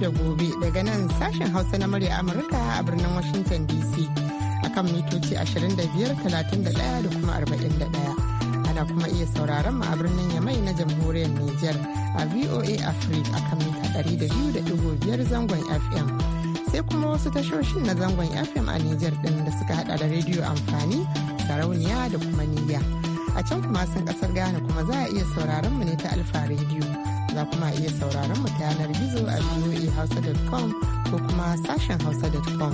da gobe daga nan sashen Hausa na murya Amurka a birnin Washington DC akan mitoci 25,31 da kuma 41. Ana kuma iya sauraron mu a birnin Yamai na jamhuriyar Niger a VOA Africa akan mita 200.5 zangon FM. Sai kuma wasu tashoshin na zangon FM a Niger din da suka hada da rediyo amfani, sarauniya da kuma niger A can kuma sun kasar Ghana kuma za a iya sauraron mu ne ta Alfa Rediyo. za kuma iya sauraron mu ta yanar gizo a voahausa.com ko kuma sashen hausa.com.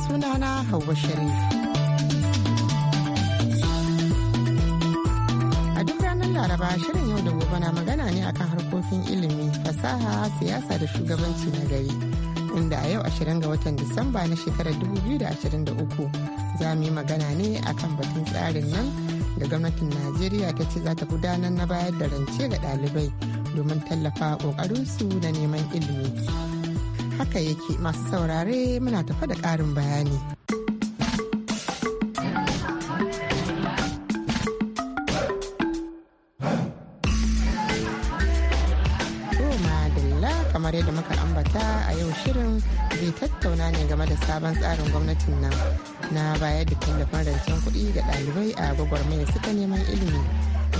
Sunana Hauwa Sharif. A duk ranar Laraba shirin yau da gobe na magana ne akan harkokin ilimi, fasaha, siyasa da shugabanci na gari. Inda a yau 20 ga watan Disamba na shekarar 2023 za mu yi magana ne akan batun tsarin nan da gwamnatin Najeriya ta ce za ta gudanar na bayar da rance ga ɗalibai. domin tallafa ƙoƙarinsu na neman ilimi. Haka yake masu saurare muna tafa da ƙarin bayani. kamar yadda muka ambata a yau shirin zai tattauna ne game da sabon tsarin gwamnatin nan na bayar da tallafin rancen kuɗi ga ɗalibai a gwagwarmaya suka neman ilimi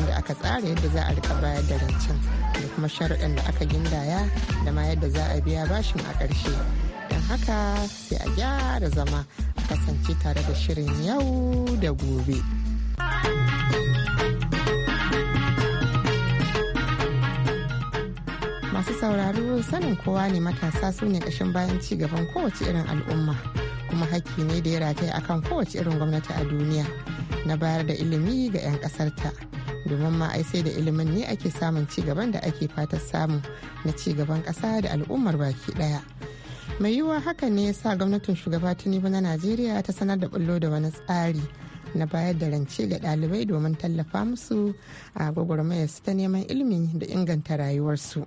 da aka tsara yadda za a rika bayar da rancen da kuma sharuɗan da aka gindaya da ma yadda za a biya bashin a ƙarshe don haka sai a gyara zama a kasance tare da shirin yau da gobe. masu sauraro sanin kowa ne matasa su ne kashin bayan ci gaban kowace irin al'umma kuma haƙƙi ne da ya rataye akan kowace irin gwamnati a duniya na bayar da ilimi ga 'yan ƙasarta. domin ma ai sai da ilimin ne ake samun ci gaban da ake fatan samu na ci gaban ƙasa da al'ummar baki ɗaya. mai yiwuwa haka ne ya sa gwamnatin shugaba tinubu na najeriya ta sanar da bullo da wani tsari na bayar da rance ga ɗalibai domin tallafa musu a gwagwarmaya su ta neman ilimi da inganta rayuwarsu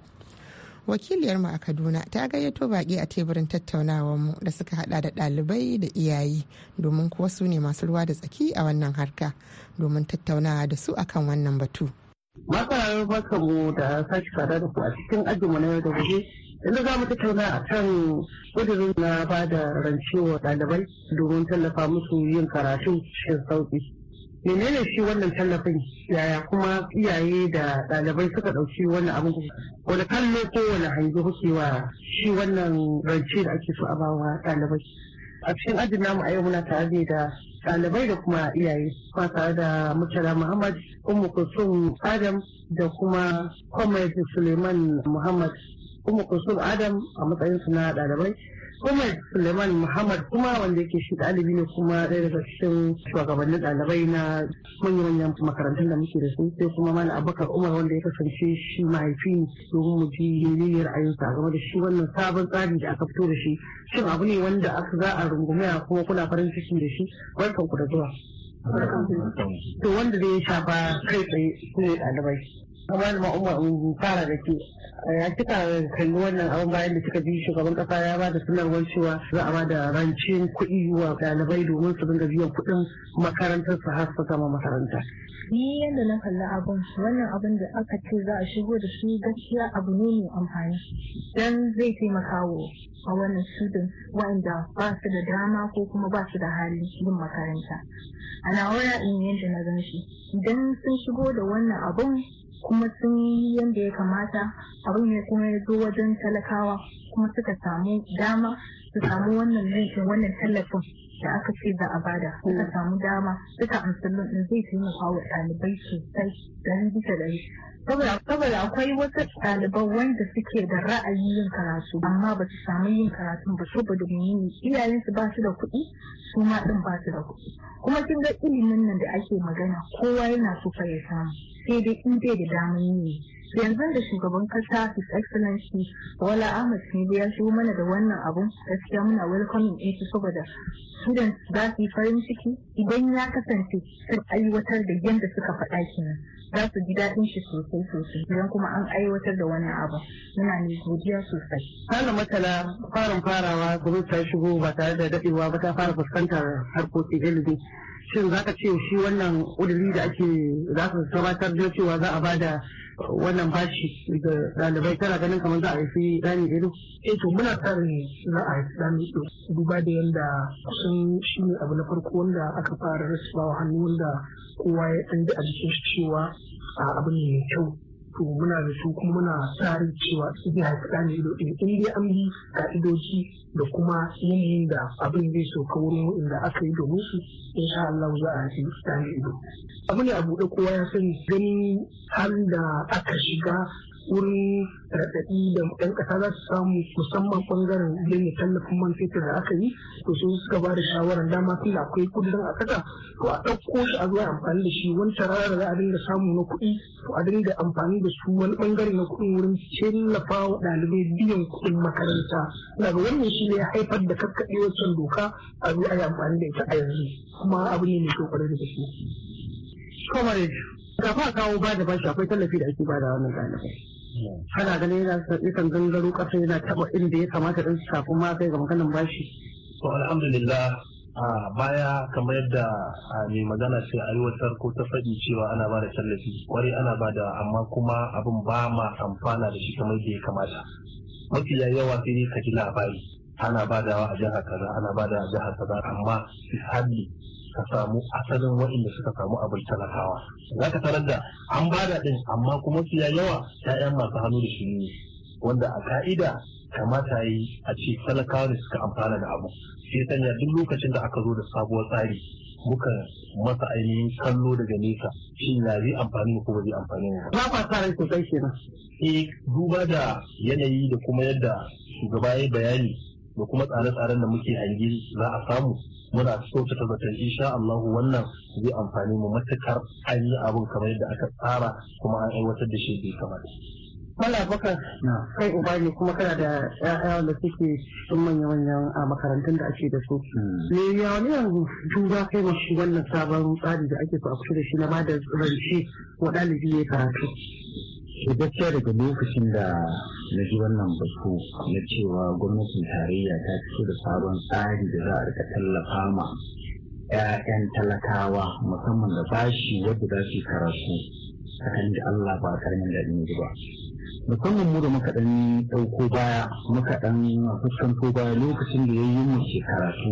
wakiliyarmu a kaduna ta gayyato baki a teburin tattaunawarmu da suka hada da ɗalibai da iyaye domin kuwa su ne masu ruwa da tsaki a wannan harka domin tattaunawa da su akan wannan batu masarar mu da sashi da a cikin ajinmu na yau da gobe inda za mu tattauna a kan ƙudurin ba da rancewa ɗalibai domin tallafa musu yin karatu cikin sauƙi menene shi wannan tallafin yaya kuma iyaye da ɗalibai suka ɗauki wannan abin wani kallo ko wani hangi kuke wa shi wannan rance da ake so a bawa ɗalibai a cikin ajin namu a yau muna tare da ɗalibai da kuma iyaye kuma tare da mutala muhammad umu kulsum adam da kuma comrade suleiman muhammad umu kulsum adam a matsayinsu na ɗalibai Umar Suleiman Muhammad kuma wanda yake shi ɗalibi ne kuma ɗaya daga cikin shugabannin ɗalibai na manyan makarantun da muke da su sai kuma Malam Abubakar Umar wanda ya kasance shi mahaifi domin mu ji menene ra'ayinsa game da shi wannan sabon tsari da aka fito da shi shin abu ne wanda aka za a rungume kuma kuna farin ciki da shi barkan ku da zuwa. To wanda zai shafa kai tsaye su ɗalibai. kamar ma umar fara da ke ya eh, kika kalli wannan abin bayan da suka bi shugaban kasa ya ba da sanarwar cewa za a ba da rancen kuɗi wa ɗalibai domin su dinga biyan kuɗin makarantar su har su zama makaranta. Ni yadda na kalli abin wannan abin da aka ce za a shigo da shi gaskiya abu ne mai amfani dan zai taimaka wa a wannan student wa'anda ba su da dama ko kuma ba su da hali yin makaranta. Ana waya in yadda na gan shi idan sun shigo da wannan abin kuma sun yi yadda ya kamata abin ne kuma ya zo wajen talakawa kuma suka samu dama su samu wannan laifin wannan tallafin da aka ce za a bada suka hmm. samu dama duka amsalin din zai taimaka wa ɗalibai sosai dari bisa ɗari. saboda akwai wasu ɗaliban wanda suke da ra'ayi yin karatu amma ba su samu yin karatu ba saboda yi. iyayensu ba su da kuɗi su ma ɗin ba su da kuɗi kuma kin ga ilimin nan da ake magana kowa yana so fa ya samu sai dai in bai da damar yi yanzu da shugaban kasa his excellency wala ahmad tinubu ya shigo mana da wannan abun gaskiya muna welcoming din su saboda students za su yi farin ciki idan ya kasance sun aiwatar da yadda suka faɗa kenan za su ji daɗin shi sosai sosai idan kuma an aiwatar da wannan abu muna ne godiya sosai. Hana matsala farin farawa gwamnati ta shigo ba tare da daɗewa ba ta fara fuskantar harkokin ilimi. Shin za ka ce shi wannan ƙuduri da ake za su gabatar da cewa za a ba da wannan bashi ga ɗalibai tana ganin kamar za a haifi ɗani ido? Eh to muna tsari na a haifi ɗani ido duba da yadda kusan shi ne abu na farko wanda aka fara rasawa hannu wanda kowa ya ɗan da a jikin shi cewa ah, abu ne mai kyau to muna da su kuma muna sa cewa su zai haifi ɗan ido ɗin in dai an bi ka'idoji da kuma yanayin da abin zai so ka wurin inda aka yi domin su insha Allah za a haifi ɗan ido abu da a buɗe kowa ya sani ganin halin da aka shiga wurin raɗaɗi da ɗan ƙasa za su samu musamman ɓangaren yin tallafin man fetur da aka yi to su suka ba da shawarar dama tun da akwai kudin a ƙasa to a ɗauko shi a zuwa amfani da shi wani tarara za a dinga samu na kuɗi to a dinga amfani da su wani ɓangare na kuɗin wurin tallafa wa ɗalibai biyan kuɗin makaranta daga wannan shi ne ya haifar da kakkaɓe doka a zo a amfani da ita a yanzu kuma abu ne mai kyau kwarai da gaske. kafa kawo ba da bashi akwai tallafi da ake bada wannan ɗalibai ana ganin yana yakan gangaro ƙasa yana taɓa inda ya kamata ɗin kafin ma kai ga maganin bashi. to alhamdulillah a baya kamar yadda mai magana ce aiwatar ko ta faɗi cewa ana ba da tallafi kwarai ana ba da amma kuma abin ba ma amfana da shi kamar da ya kamata Mafi yawa sai ne ka ji labari ana wa a jihar kaza ana bada a jihar kaza amma misali ka samu asalin waɗanda suka samu abin talakawa za ka tarar da an da ɗin amma kuma fiya yawa 'ya'yan masu hannu da shi ne wanda a ka'ida kamata yi a ce talakawa da suka amfana da abu sai sanya duk lokacin da aka zo da sabuwar tsari muka masa ainihin kallo daga nesa shi na zai amfani ko ba zai amfani ba. Ta rai sosai kenan. Eh duba da yanayi da kuma yadda shugaba ya bayani da kuma tsare-tsaren da muke hangi za a samu muna kyautata zaton insha Allah wannan zai amfani mu matukar an yi abin kamar yadda aka tsara kuma an aiwatar da shi bai kamata. Mala baka kai uba ne kuma kana da ƴaƴa wanda suke sun manya manyan a makarantun da ake da su. Hmm. Me ya wani yanzu duba kai ma shi wannan sabon tsari da ake so a da shi na ba da rance wa ɗalibi ya karatu. shi daga lokacin da na ji wannan batu na cewa gwamnatin tarayya ta fito da sabon tsari da za a rika tallafa ma 'ya'yan talakawa musamman da bashi wadda za su karatu tsakanin da Allah ba karamin da ne ba musamman mu da muka ɗan ɗauko baya muka ɗan fuskanto baya lokacin da ya yi mu ke karatu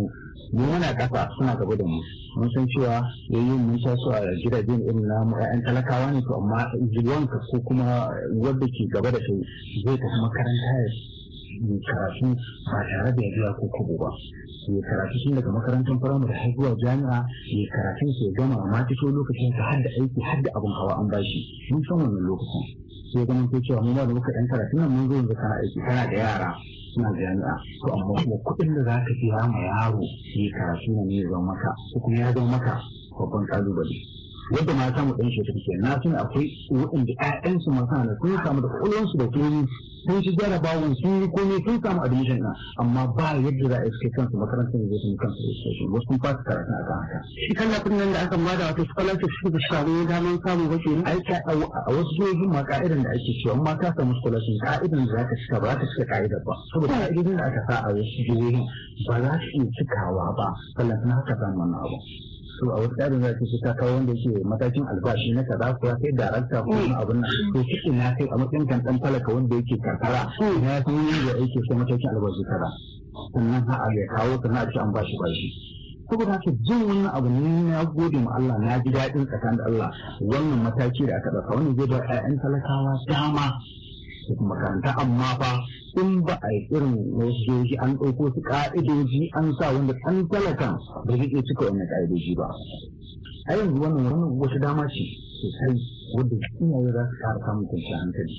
mu muna ƙasa suna gaba da mu mun san cewa ya yayi mun sa su a gidajen irin na ƴaƴan talakawa ne to amma zuwanka ko kuma wanda ke gaba da kai zai tafi makaranta ya karatu ba tare da ya ko kubu ba ya karatu tun daga makarantar firamare har zuwa jami'a ya karatu ya gama ma ta lokacin ka har da aiki har da abin hawa an ba shi. mun san wannan lokacin sai ganin ko cewa mu ba da muka ɗan karatu nan mun zo yanzu kana aiki kana da yara suna jami'a to amma kuma kuɗin da za ka biya ma yaro yi karatu ne ya zama maka ko kuma ya zama maka babban ƙalubale yadda ma samu ɗan shi suke na san akwai waɗanda ƴaƴansu ma sana sun samu da ƙwallonsu da komi sun shi jarabawan sun yi komai sun samu admission ɗin amma ba yadda za a iske kansu makarantar da zai kansu da iske wasu sun fasa karatun a kan haka. shi tallafin nan da aka bada wato scholarship shi da shawo damar samun wasu ne. aiki a wasu sojojin ma ka'idan da ake cewa ma ka samu scholarship ka'idan da za ka cika ba za ka cika ka'idar ba saboda ka'idan da aka sa a wasu jihohin ba za su iya cikawa ba sannan haka zamanin abu. so a wasu tsarin za su ta kawo wanda yake matakin albashi na kaza ko ya kai darakta ko wani abin nan to na kai a matsayin kan talaka wanda yake karkara na san da yake so matakin albashi kaza sannan a ya kawo sannan na ci an bashi bashi saboda haka jin wannan abu ne na gode ma Allah na ji daɗin tsakanin Allah wannan mataki da aka ɗauka wannan zai ba 'ya'yan talakawa dama makaranta amma fa in ba a yi irin wasu an ɗauko su ƙa'idoji an sa wanda ɗan talakan da zai iya cika wannan ƙa'idoji ba a yanzu wannan wani wata dama ce sosai wanda yi za su fara samun kwanciyar hankali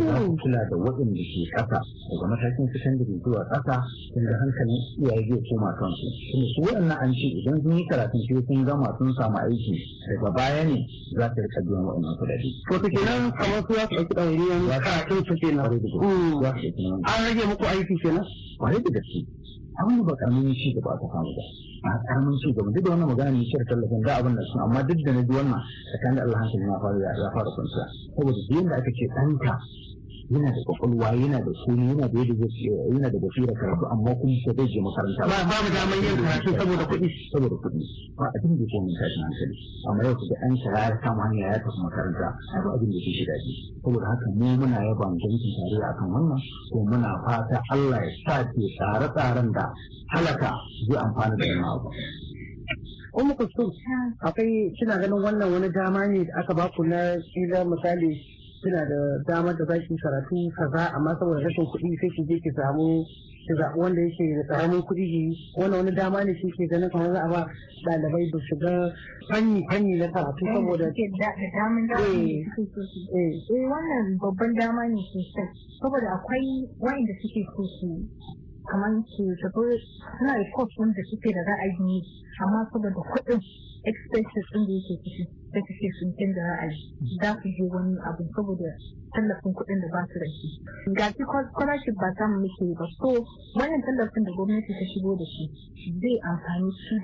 da za su kula da waɗanda ke ƙasa daga matakin sakandare zuwa ƙasa inda hankalin iyaye zai koma kansu kuma su waɗannan an ce idan sun yi karatun sai sun gama sun samu aiki daga baya ne za su rika biyan waɗannan kuɗaɗe. to ta kenan kamar su za su ɗauki ɗauriyan karatun su kenan. a mm. rage muku aiki kenan. da gaske abin da ba karamin shi gaba aka samu ba a karamin shi gaba duk da wannan magana ne shirin tallafin da abin da su amma duk da na ji wannan tsakanin Allah hankali na fara ya fara kwanciya saboda duk da aka ce ɗanka yana da kwakwalwa yana da suni yana da yadda yana da basira karatu amma kuma ba zai je makaranta ba ba mu daman yin karatu saboda kuɗi saboda kuɗi ba abin da ke mun tashi hankali amma yau da an shara ya samu hanya ya tafi makaranta ai ba abin da ke shiga shi saboda haka mu muna yaba mu gwamnatin a kan wannan ko muna fata Allah ya sa ke tsare-tsaren da halaka zai amfana da wannan abu Umu Kusur, akwai kina ganin wannan wani dama ne da aka baku na kila misali suna da damar da zaki karatu kaza amma saboda rashin kuɗi sai ki je ki samu ki zaɓi wanda yake da karamin kuɗi ki wani wani dama ne shi ke ganin kamar za a ba ɗalibai da shiga fanni fanni na karatu eh, saboda eh, eh. eh wannan babban dama ne sosai saboda akwai wa'inda suke so su kamar su tafi suna da kofin wanda suke da ra'ayi amma saboda kuɗin expenses ɗin da yake ciki da ka ce sun canza ra'ayi za su je wani abu saboda tallafin kuɗin da ba su da ga shi scholarship ba samu muke ba so wannan tallafin da gwamnati ta shigo da shi zai amfani shi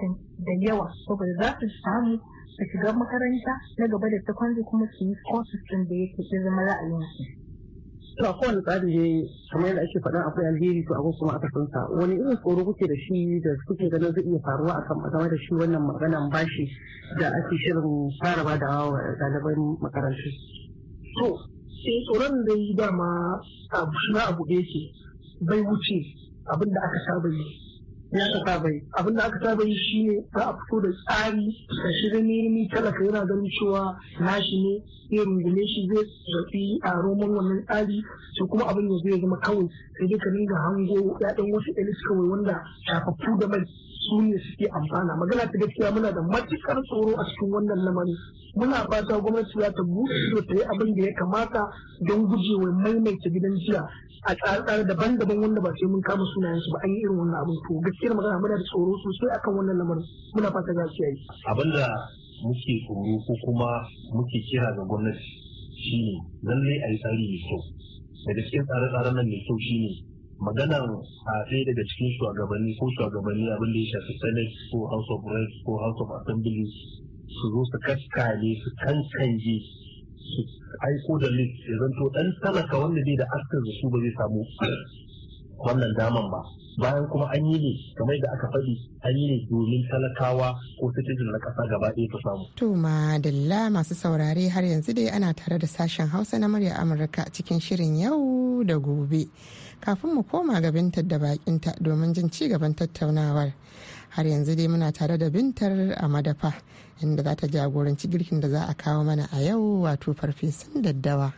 da yawa saboda za su samu su shiga makaranta na gaba da secondary kuma su yi courses ɗin da yake zama ra'ayin su to a kowane tsari ne kamar yadda ake faɗa akwai alheri to akwai kuma sa wani irin tsoro kuke da shi da kuke ganin zai iya faruwa a kan da shi wannan maganan bashi da ake shirin fara ba da hawa ɗaliban makarantu. to sai tsoron da yi dama abu shi na abu da yake bai wuce abin da aka saba yi ya ka saba yi abin da aka saba yi shi ne za a fito da tsari da shirin nirmi talaka yana ganin cewa nashi ne ya rungume shi zai zafi a roman wannan tsari sai kuma abin ya zai zama kawai sai dai ka dinga hango ya wasu elis kawai wanda shafaffu da mai su ne suke amfana magana ta gaskiya muna da matukar tsoro a cikin wannan lamarin muna fata gwamnati za ta buɗe ta yi abin da ya kamata don gujewa maimaita gidan jiya a tsare daban-daban wanda ba sai mun kama sunayen su ba an yi irin wannan abin to gaskiyar magana muna da tsoro sosai akan wannan lamarin muna fata za su yi abin da muke tsoro ko kuma muke kira ga gwamnati shine lallai a yi tsari mai kyau da gaskiya tsare-tsaren nan mai kyau shine maganan a ɗaya daga cikin shugabanni ko shugabanni abin da ya shafi senate ko house of reps ko house of assembly su zo su kaskale su kankanje su aiko da list ya zanto ɗan talaka wanda zai da askar da su ba zai samu wannan daman ba bayan kuma an yi ne kamar da aka faɗi an yi ne domin talakawa ko citizen na ƙasa gaba ɗaya ta samu. To madalla masu saurare har yanzu dai ana tare da sashen Hausa na murya Amurka cikin shirin yau da gobe. kafin mu koma ga bintar da bakinta domin jin ci gaban tattaunawar har yanzu dai muna tare da bintar a madafa inda za ta jagoranci girkin da za a kawo mana a yau wato farfesan daddawa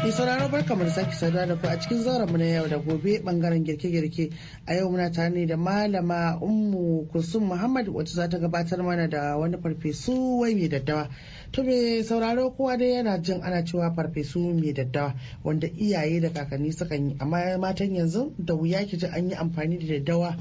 Mai sauraro barka mu da sake saduwa da ku a cikin zauren na yau da gobe bangaren girke-girke a yau muna tare ne da malama ummu kusum muhammad wacce za ta gabatar mana da wani farfesu wai mai daddawa to me sauraro kowa dai yana jin ana cewa farfesu mai daddawa wanda iyaye da kakanni suka yi amma matan yanzu da wuya ki ji an yi amfani da daddawa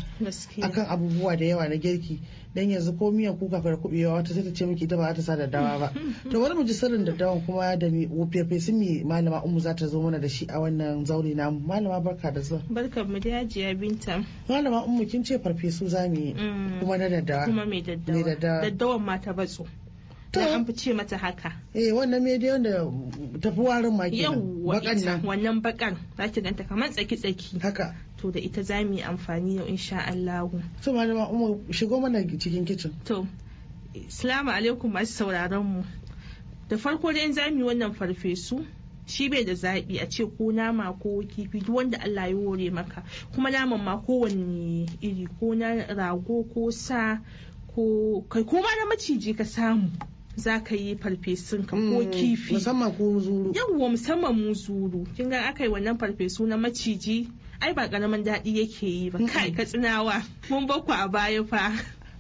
akan abubuwa da yawa na girki dan yanzu ko miyan kuka kar kubewa wata sai ta ce miki ita ba ta sa daddawa ba to bari mu ji sirrin daddawa kuma da mi farfesu mai malama umu za ta zo mana da shi a wannan zauri na malama barka da zuwa barka mu da hajiya binta malama umu kin ce farfesu za mu yi mm. kuma na daddawa kuma mai daddawa daddawan mata batso to an fi ce mata haka eh wannan me da wanda tafi warin ma kenan bakan nan wannan bakan ki ganta kamar tsaki tsaki haka to da ita za mu yi amfani yau insha Allah to malama umma shigo mana cikin kitchen to assalamu alaikum masu sauraron mu da farko dai za mu yi wannan farfesu shi bai da zaɓi a ce ko nama ko kifi duk wanda Allah ya hore maka kuma naman ma kowanne iri ko na rago ko sa ko kai ko ma na maciji ka samu za ka yi farfesun ka ko mm, kifi musamman ko zuru yawwa musamman mu zuru kin ga aka yi wannan farfesu na maciji ai ba karamin daɗi yake yi ba kai ka tsinawa mun bakku a baya fa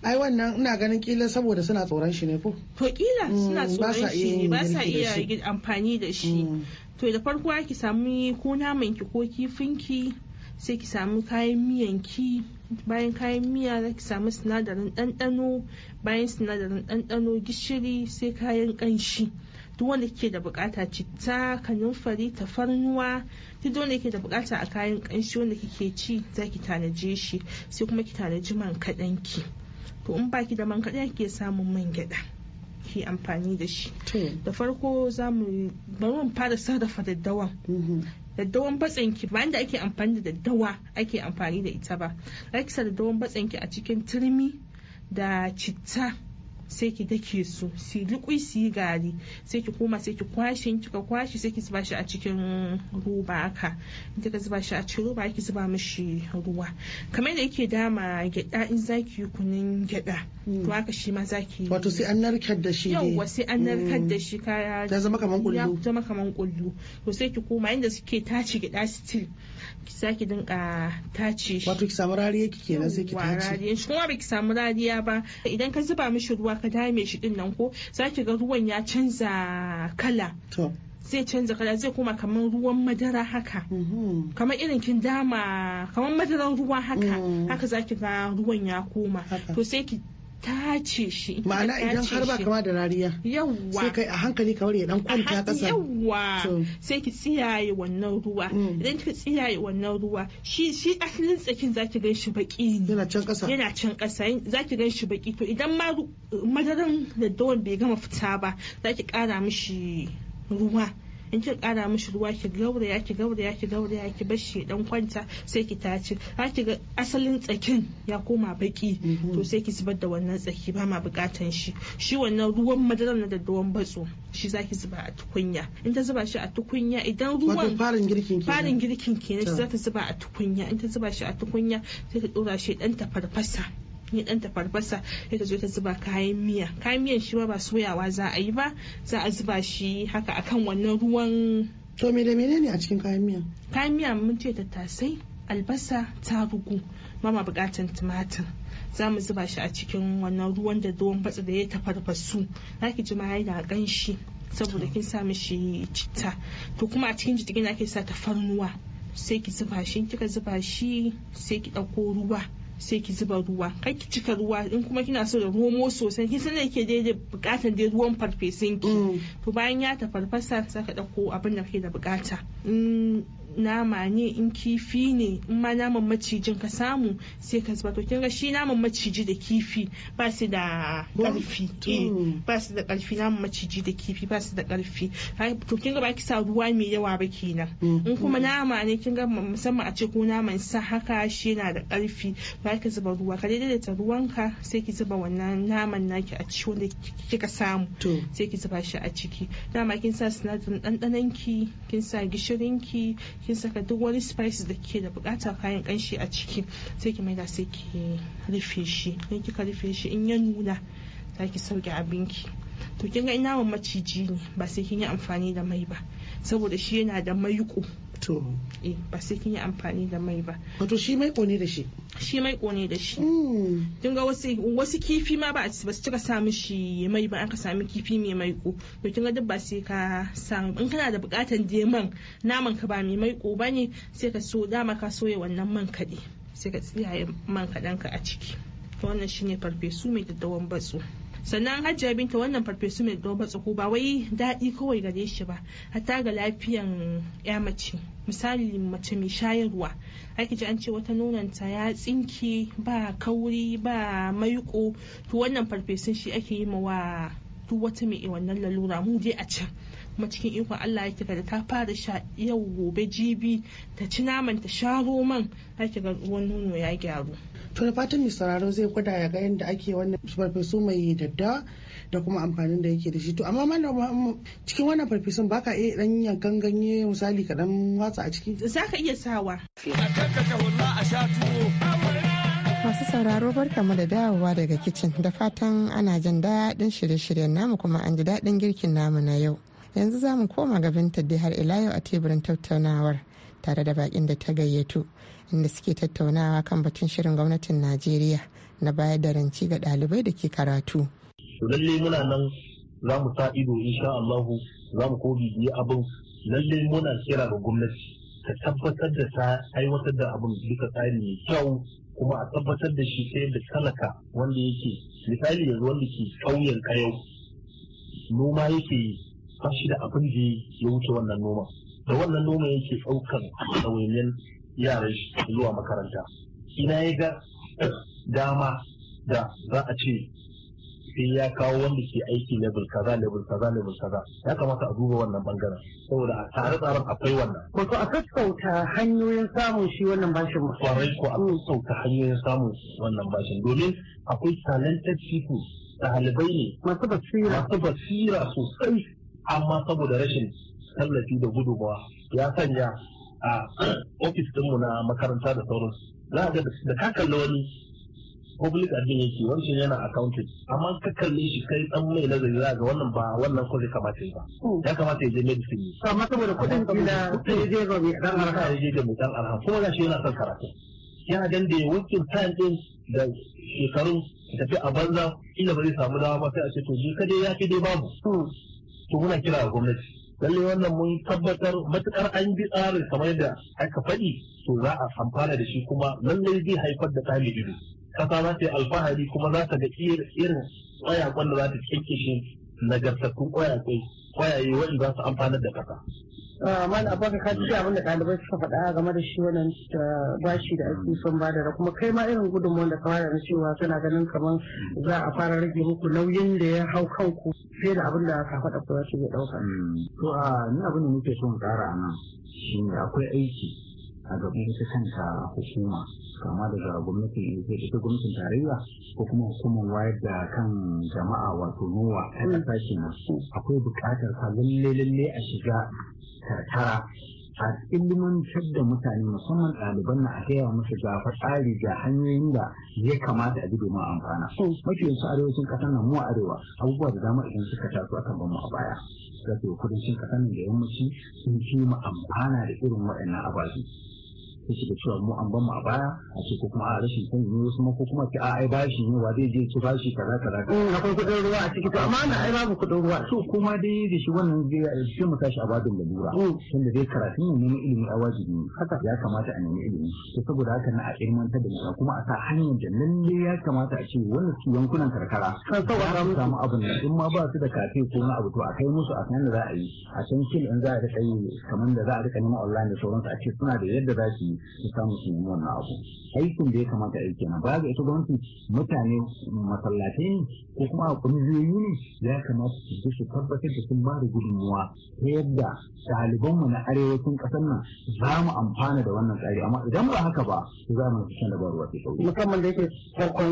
ai wannan ina ganin kila saboda suna tsoron shi ne ko to kila mm, suna tsoron shi ne ba sa iya amfani da shi mm. to da farko ki samu ko naman ki ko kifin ki sai ki samu kayan miyan ki bayan kayan miya za ki samu sinadarin ɗanɗano bayan sinadarin ɗanɗano gishiri sai kayan ƙanshi duk wanda ke da bukata citta kanumfari tafarnuwa duk wanda ke da bukata a kayan ƙanshi wanda kike ci za ki tanaje shi sai kuma ki tanaji man kaɗan ki to in baki da man kaɗan ke samun man gyaɗa ki amfani da shi da farko za mu bari mu fara sarrafa daddawan mm-hmm. daddawan batsen ki ba da ake amfani da daddawa ake amfani da ita ba za sa daddawan batsen ki a cikin turmi da citta sai ki dake su si liƙui su yi gari sai ki koma sai ki kwashe kika kwashe sai ki zuba shi a cikin roba haka in kika zuba shi a cikin roba ki zuba mishi ruwa kamar da yake dama gyada in zaki yi kunun gyada hmm. to haka shi ma zaki wato sai an narkar da shi yawwa sai an narkar da hmm. shi kaya ya zama kaman kullu ya zama kaman kullu to sai ki koma inda suke tace gyada still ki sake dinka tace shi wato ki samu rariya ki kenan sai ki tace rariya shi kuma baki samu rariya ba idan ka zuba mishi ruwa ka dame shi din nan ko zaki ga ruwan ya canza kala to zai canza kala zai koma kamar ruwan madara haka mm-hmm. kamar irin kin dama kamar madaran ruwa haka mm. haka zaki ga ruwan ya koma to sai ki tace shi ma'ana idan har ba kama da rariya yawwa sai kai a hankali kamar ya dan kwanta kasa yawwa sai ki tsiyaye wannan ruwa mm. idan ki tsiyaye wannan ruwa shi shi asalin tsakin zaki gan shi baki yana can kasa yana can kasa zaki gan shi baki to idan ma madaran da bai gama fita ba zaki kara mishi ruwa in kin kara mishi ruwa ki gauraya ki gauraya ki gauraya ki bashi dan kwanta sai ki tace za ki ga asalin tsakin ya koma baki mhm. to sai ki zubar da wannan tsaki ba ma bukatan shi shi wannan ruwan madarar na daddawan batso shi za zuba a tukunya in ta zuba shi a tukunya idan ruwan farin girkin kenan farin girkin kenan shi za zuba a tukunya in ta zuba shi a tukunya sai ta dora shi dan tafarfasa ni dan tafarfasa ya ta zo ta zuba kayan miya kayan miyan shi ba soyawa za a yi ba za a zuba shi haka akan wannan ruwan to me da menene a cikin kayan miya kayan miya mun ce tattasai albasa tarugu mama bukatan tumatir za mu zuba shi a cikin wannan ruwan da ruwan batsa da ya tafarfasu zaki ji ma gan ganshi saboda kin sa mishi citta to kuma a cikin jijigin ake sa tafarnuwa sai ki zuba shi kika zuba shi sai ki ɗauko ruwa sai ki zuba ruwa kai ki cika ruwa in kuma kina so da romo sosai kin san da yake daidai bukatar dai ruwan farfesun ki mm. to bayan ya tafarfasa sai ka dauko abin da kake da bukata mm. nama ne in kifi ne in ma naman macijin ka samu sai ka zuba to kin ga shi naman maciji da kifi ba su da karfi eh, ba su da karfi naman maciji da kifi ba su da karfi to kin ga ba ki sa ruwa mai yawa ba kenan mm. in kuma nama ne kin ga musamman a ce ko naman sa haka shi yana da karfi ba ki zuba ruwa ka daidaita ruwanka sai ki zuba wannan naman naki a ciki wanda kika samu sai ki zuba shi a ciki dama kin sa sinadarin ki kin sa gishirin ki. kin saka duk wani spices da ke da bukata kayan kanshi a ciki sai ki maida sai ki rufe shi in kika rufe shi in ya nuna za ki sauke abinki to kin ga ina maciji ne ba sai kin yi amfani da mai ba saboda shi yana da maiƙo to eh ba sai kin yi amfani da mai ba wato shi mai kone da shi shi mai kone da shi hmm. kin ga wasu wasu kifi ma ba ba su cika sa shi mai ba an ka sami kifi mai maiko to kin ga duk ba sai ka san in kana da bukatan man naman ka ba mai maiko ne sai ka so dama ka soya wannan man kaɗi sai ka tsiyaye man kaɗan ka a ciki wannan shine farfesu mai daddawan batsu. sannan hajiya binta wannan farfesu mai doba tsoho ba wai daɗi kawai gare shi ba hatta ga lafiyan ya mace misali mace mai shayarwa ake ji an ce wata nonanta ya tsinki ba kauri ba maiko to wannan farfesun shi ake yi ma wa duk wata mai wannan lalura mu dai a can kuma cikin ikon Allah kika da ta fara sha yau gobe jibi ta ci naman ta sha roman ya ga ruwan nono ya gyaru to da fatan mai sauraro zai gwada ya ga yadda ake wannan farfesu mai dadda da kuma amfanin da yake da shi to amma mana cikin wannan farfesun ba ka iya dan yankan ganye misali ka dan watsa a ciki ka iya sawa a sha tuwo masu sauraro barkamu da dawowa daga kicin da fatan ana jin daɗin shirye-shiryen namu kuma an ji daɗin girkin namu na yau yanzu za mu koma gabin dai har ila yau a teburin tattaunawar tare da bakin da ta gayyato inda suke tattaunawa kan batun shirin gwamnatin najeriya na bayar da ranci ga ɗalibai da ke karatu. lalle muna nan za mu sa ido insha Allahu za mu ko bibiyi abin lalle muna kira ga gwamnati ta tabbatar da ta aiwatar da abin duka tsari mai kyau kuma a tabbatar da shi sai da talaka wanda yake misali yanzu wanda ke ƙauyen kayau noma yake yi ba da abin da ya wuce wannan noma da wannan noma yake ɗaukan ɗawainiyar yaran zuwa makaranta ina ya ga dama da za a ce sai ya kawo wanda ke aiki level kaza level kaza level kaza ya kamata a duba wannan bangaren saboda a tare tsarin akwai wannan wato a sassauta hanyoyin samun shi wannan bashin kwarai ko a sassauta hanyoyin samun wannan bashin domin akwai talented people ɗalibai ne masu basira masu basira sosai amma saboda rashin tallafi da gudubawa, ya sanya a ofis dinmu na makaranta da sauran za ga da ka kalli wani public admin yake wancan yana accounting amma ka kalle shi kai dan mai nazari za ga wannan ba wannan ko zai kamata ba hmm. ya kamata ya je medicine amma saboda kudin da sai je ga mai dan arha ya je ga mai dan arha kuma gashi yana son karatu yana dan da working time din da shekarun tafi a banza ina ba zai samu dawa ba sai a ce to je ka dai ya fi dai babu hmm. su muna kira ga gwamnati lallai wannan mun tabbatar matukar an bi tsarin kamar da aka faɗi to za a amfana da shi kuma lallai zai haifar da tsami ido kasa za ta yi alfahari kuma za ta ga irin kwayakon da za ta kyanke shi nagartattun kwayaye waɗanda za su amfanar da kasa Ah, mana abubakar ka ji abin da ɗalibai suka faɗa game da shi wannan ah, bashi da ake son bada da kuma kai ma irin gudunmu da kamar da cewa suna ganin kamar za a fara rage muku nauyin da ya hau kanku fiye da abin da ka faɗa ko ya ɗauka. Hmm. to a ah, ni abin da nake son ƙara a nan shine akwai aiki a gaban ita kanta hukuma kama daga gwamnatin ita gwamnatin tarayya ko kuma hukumar wayar da kan jama'a wato nowa ta kasa mm. kenan akwai buƙatar ka lalle lalle a shiga karkara a ilimantar da mutane musamman ɗaliban na a gaya musu ga tsari ga hanyoyin da ya kamata a bi domin amfana. Mm. Mafi yanzu arewacin ƙasar nan mu arewa abubuwa da dama idan suka taso akan bamu a baya. Zato kudancin ƙasar nan da yammaci sun fi mu amfana da irin waɗannan abazi. su shiga cewa mu an ban mu a baya a ce ko kuma a rashin sani ne wasu ma ko kuma ki a ai bashi ne wa zai je ci bashi kaza kaza mm, akwai kuɗin ruwa a ciki to amma na ai babu kuɗin ruwa so kuma dai da shi wannan zai sai mu tashi a babin lalura mm. tunda dai karatun ne neman ilimi a wajibi ne haka ya kamata a nemi ilimi to saboda haka na a ilmantar da mutane kuma a sa hanyar da lalle ya kamata a ce wannan su yankunan karkara kan saboda mu samu abin nan in ma ba su da kafe ko na abu to a kai musu a kan da za a yi a can kin in za a rika yi kamar da za a rika neman online da sauransu a ce suna da yadda za su yi su samu su yi wannan abu aikin da ya kamata aiki na ba ga ita gwamnati mutane masallatai ne ko kuma a kungiyoyi ne ya kamata su su tabbatar da sun ba da gudunmuwa ta yadda ɗalibanmu na arewacin ƙasar nan za mu amfana da wannan tsari amma idan ba haka ba za mu fi da ba ruwa sai kauri musamman da yake farkon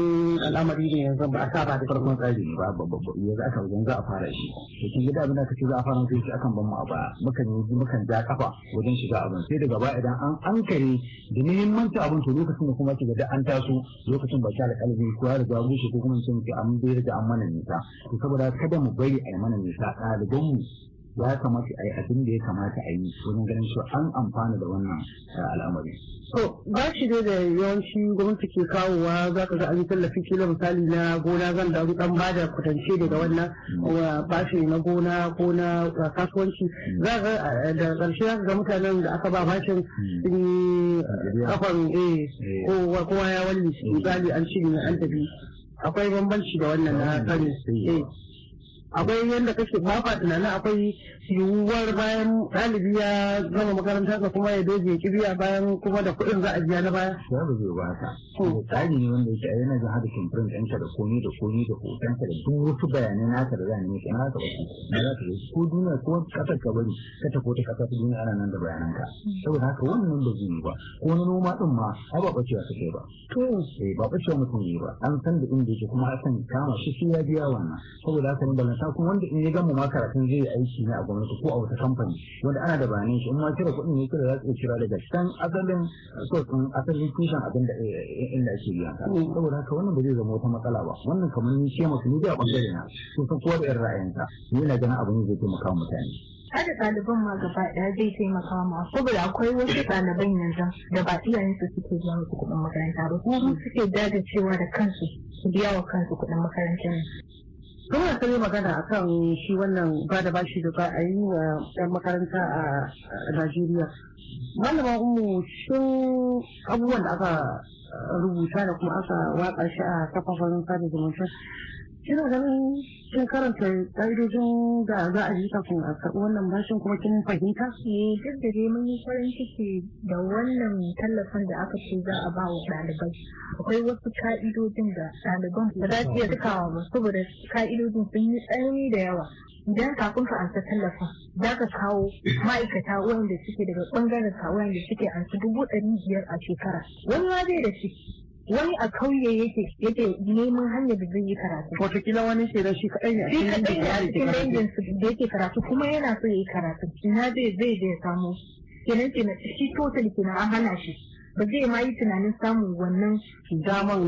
al'amari ne yanzu ba a sa ba da farkon tsari ne ba yanzu aka wajen za a fara shi to kin gida abin da kace za a fara shi akan ban mu a baya mukan yi mukan ja kafa wajen shiga abin sai daga baya idan an ankare alƙalami da muhimmanci abin to lokacin da kuma ki da an taso lokacin baki alƙalami ko ya riga rushe ko kuma sun ce an bai da an mana nisa to saboda kada mu bari a yi mana nisa ɗaliban mu ya kamata a yi abin da ya kamata a yi wajen ganin cewa an amfana da wannan eh, al'amari. To ba shi dai da yawanci gwamnati ke kawowa za ka ga an yi tallafi kila misali na gona zan da dan ba da kwatance daga wannan ba mm. bashi na gona ko na kasuwanci mm. za ka eh, da ƙarshe za ka ga mutanen da aka ba bashin mm. kafan eh, eh. kowa ya walli misali an shirya an tafi akwai bambanci da wannan na kare. akwai yadda kake mafa tunanin akwai yiwuwar bayan ɗalibi ya gama makaranta ka kuma ya doge kibiya bayan kuma da kuɗin za a biya na baya. Ya ba zai ba haka. Tsari ne wanda yake yana zan hada kimfirin ɗanka da komi da komi da hotonka da duk wasu bayanai naka da za a nemi Na ka baki na za ka baki ko duniya ko ƙasar ka bari ka tafi wata ƙasa ta duniya ana nan da bayananka. Saboda haka wannan ba zai yi ba ko na noma ɗin ma ai ba ɓacewa ka kai ba. To eh, Ba ɓacewa mutum ne ba an san da inda yake kuma a san kama shi ya biya wannan saboda haka ne ba matasa wanda in ya gama ma karatun zai yi aiki ne a gwamnati ko a wata kamfani wanda ana da bayanin shi in ma kira kuɗin ne kira za su kira daga can asalin sosin asalin tushen abin da eh, eh, inda ake biya mm. saboda haka wannan ba zai zama wata matsala ba wannan kamar ni ce masu ni da bangare na sun san kowa da yan ra'ayinsa ni na ganin abin zai taimaka mutane Hada ɗaliban ma gaba ɗaya zai taimaka ma saboda akwai wasu ɗaliban yanzu da ba iyayensu suke biya musu kuɗin makaranta ba kuma suke dajin cewa da kansu su biya wa kansu kuɗin makarantar Gwamna ta yi magana a kan shi wannan ba da bashi da ba a yi wa 'yan makaranta a Najeriya. Malama umu sun abubuwan da aka uh, rubuta da kuma aka watsa shi a kafafen sada zumunta ina ganin kin karanta ƙa'idojin da za a ji kun a wannan bashin kuma kin fahimta? Eh duk da dai mun yi farin ciki da wannan tallafin da aka ce za a ba wa ɗalibai. Akwai wasu ƙa'idojin da ɗaliban ba za su iya cikawa ba saboda ƙa'idojin sun yi tsanani da yawa. Idan kafin ka ansa tallafin za ka kawo ma'aikata wanda suke daga ɓangaren ka wanda suke ansa dubu ɗari biyar a shekara. Wani ma zai da shi wani a kauye yake yake neman hanyar da zai yi karatu wataƙila wani shi da shi kaɗai ne shi kaɗai ne a cikin dangin da yake karatu kuma yana so ya yi karatu ina zai zai zai samu kenan kenan shi totally kenan an hana shi ba zai ma yi tunanin samun wannan damar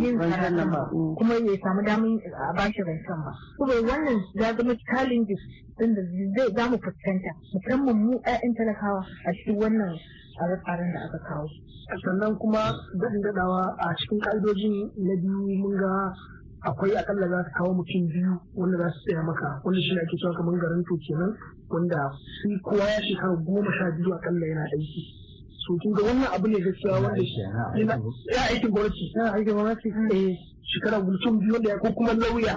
yin karatun ba kuma ya samu damar a bashi rancen ba kuma wannan ya zama challenges din da zai za mu fuskanta musamman mu 'ya'yan talakawa a cikin wannan tsare-tsaren da aka kawo sannan kuma daɗin daɗawa a cikin ƙa'idojin na biyu mun ga akwai akalla za su kawo mutum biyu wanda za su tsaya maka wanda shi ake cewa kamar garin to kenan wanda shi kowa ya shekara goma sha biyu akalla yana aiki so kin ga wannan abu ne gaskiya wanda ya aikin gwamnati Ya aikin gwamnati eh shekara mutum biyu wanda ya ko kuma lauya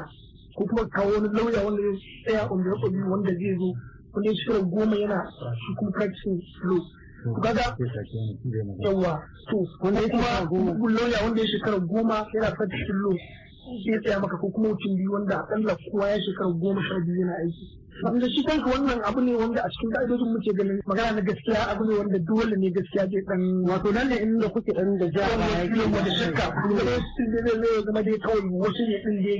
ko kuma kawo wani lauya wanda zai tsaya on the wanda zai zo wanda ya shekara goma yana shi kuma practicing law kaga yawa to wanda kuma lauya wanda ya shekara goma yana practicing law sai tsaya maka ko kuma mutum biyu wanda akalla kowa ya shekara goma sha biyu yana aiki wanda shi kanka wannan abu ne wanda a cikin ka'idojin muke ganin magana na gaskiya abu ne wanda dole ne gaskiya zai dan wato nan ne inda kuke dan da jawa ya yi da shakka kuma sai zai zama dai kawai wasu ne din da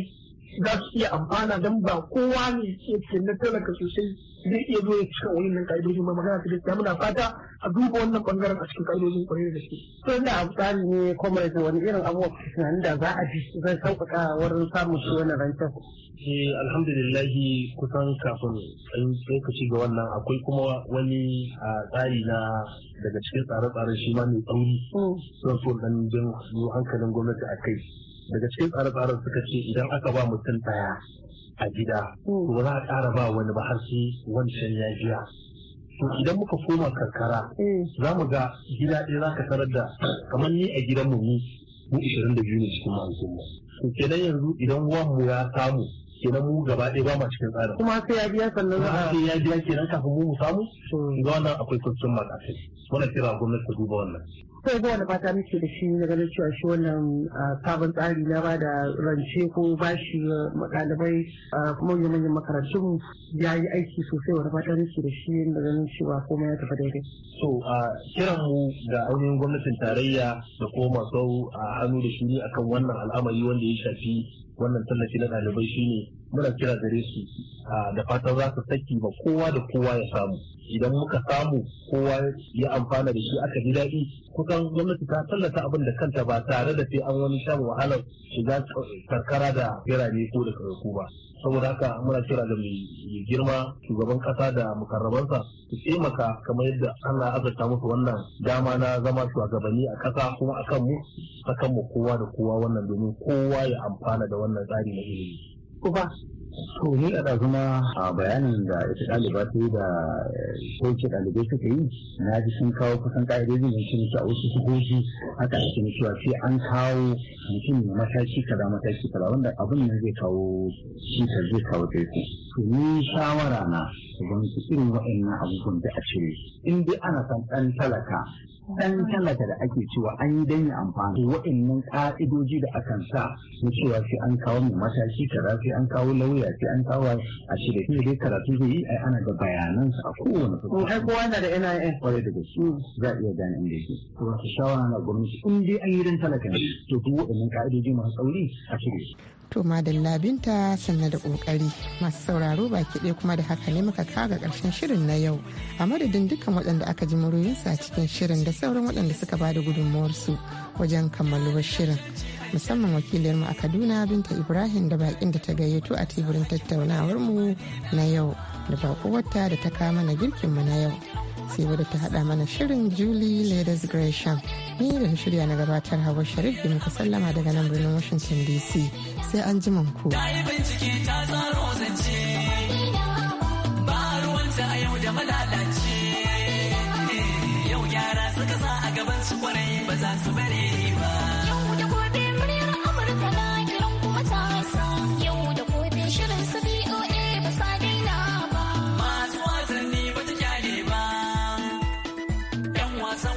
za su iya amfana don ba kowa ne ke na talaka sosai zai iya zuwa cikin wani nan ƙa'idojin ba magana ta gaskiya muna fata a duba wannan bangaren a cikin ƙa'idojin kwarai da gaske. to da abu ne ne comrade wani irin abubuwa tunanin da za a bi zai sauƙaƙa wurin samun shi wani rancen. eh alhamdulillahi kusan kafin an lokaci ga wannan akwai kuma wani tsari na daga cikin tsare-tsaren shi ma mai tsauri. don hmm. so dan jin hankalin gwamnati a kai. daga cikin tsare-tsaren suka ce idan aka ba mutum ɗaya a gida to za a ƙara ba wani ba har sai wancan ya biya to idan muka koma karkara eh. za mu ga gida ɗaya za ka tarar da kamar ni a gidanmu mu mu ishirin da biyu ne cikin mahaifin mu to kenan yanzu idan wanmu ya samu kenan mu gaba ɗaya ba ma cikin tsarin kuma sai ya biya sannan za a ya biya kenan kafin mu samu hmm. ga wannan akwai sassun matakai wannan kira gwamnati ta duba wannan sai ga wani fata muke da shi na ganin cewa shi wannan sabon tsari na ba da rance ko bashi ɗalibai yi manyan makarantun ya yi aiki sosai wani fata muke da shi na ganin cewa komai ya tafi daidai. so a kiran mu ga ainihin gwamnatin tarayya da kuma a hannu da shiri akan wannan al'amari wanda ya shafi wannan tallafi na ɗalibai ne. muna kira gare su da fatan za su saki ba kowa da kowa ya samu idan muka samu kowa ya amfana da shi aka ji daɗi kusan gwamnati ta tallata abin da kanta ba tare da sai an wani shan wahalar shiga karkara da birane ko da karku ba saboda haka muna kira da mai girma shugaban kasa da mukarrabansa su taimaka kamar yadda ana azurta musu wannan dama na zama shugabanni a kasa kuma akan mu akan mu kowa da kowa wannan domin kowa ya amfana da wannan tsari na ilimi uba to ni a kuma a bayanin da ita ɗaliba ta yi da sauke eh, ɗalibai suka yi na ji sun kawo kusan ƙa'idojin da sun a wasu sukoki haka a cikin cewa sai an kawo mutum ne mataki kaza mataki kaza wanda abin nan zai kawo shi ta zai kawo taiko to ni shawara na idan su irin waɗannan abubuwan da a cire in dai ana son ɗan talaka dan tallata da ake cewa an yi dan amfani amfani wa'annan ka'idoji da aka sa na cewa shi an kawo mai matashi kaza sai an kawo lauya sai an kawo a shirye sai dai karatu zai yi ai ana da bayanan sa a kowane to ai kowa na da NIN kware da su za iya gane inda yake to wata shawara na gwamnati in dai an yi dan tallata ne to duk waɗannan ka'idoji masu tsauri a shirye to madalla binta sanna da kokari masu sauraro baki ɗaya kuma da haka ne muka kaga ƙarshen shirin na yau a madadin dukkan waɗanda aka ji a cikin shirin da sauran waɗanda suka ba da su wajen kammaluwar shirin musamman mu a kaduna binta ibrahim da bakin da ta gayyato a teburin mu na yau da wata da ta kama na mu na yau sai wadda ta haɗa mana shirin julie ladies gresham ni da shirya na gabatar hawa sharif da muka sallama daga nan birnin washington dc sai an ji ku. ta yi bincike ta tsaro zance so bad.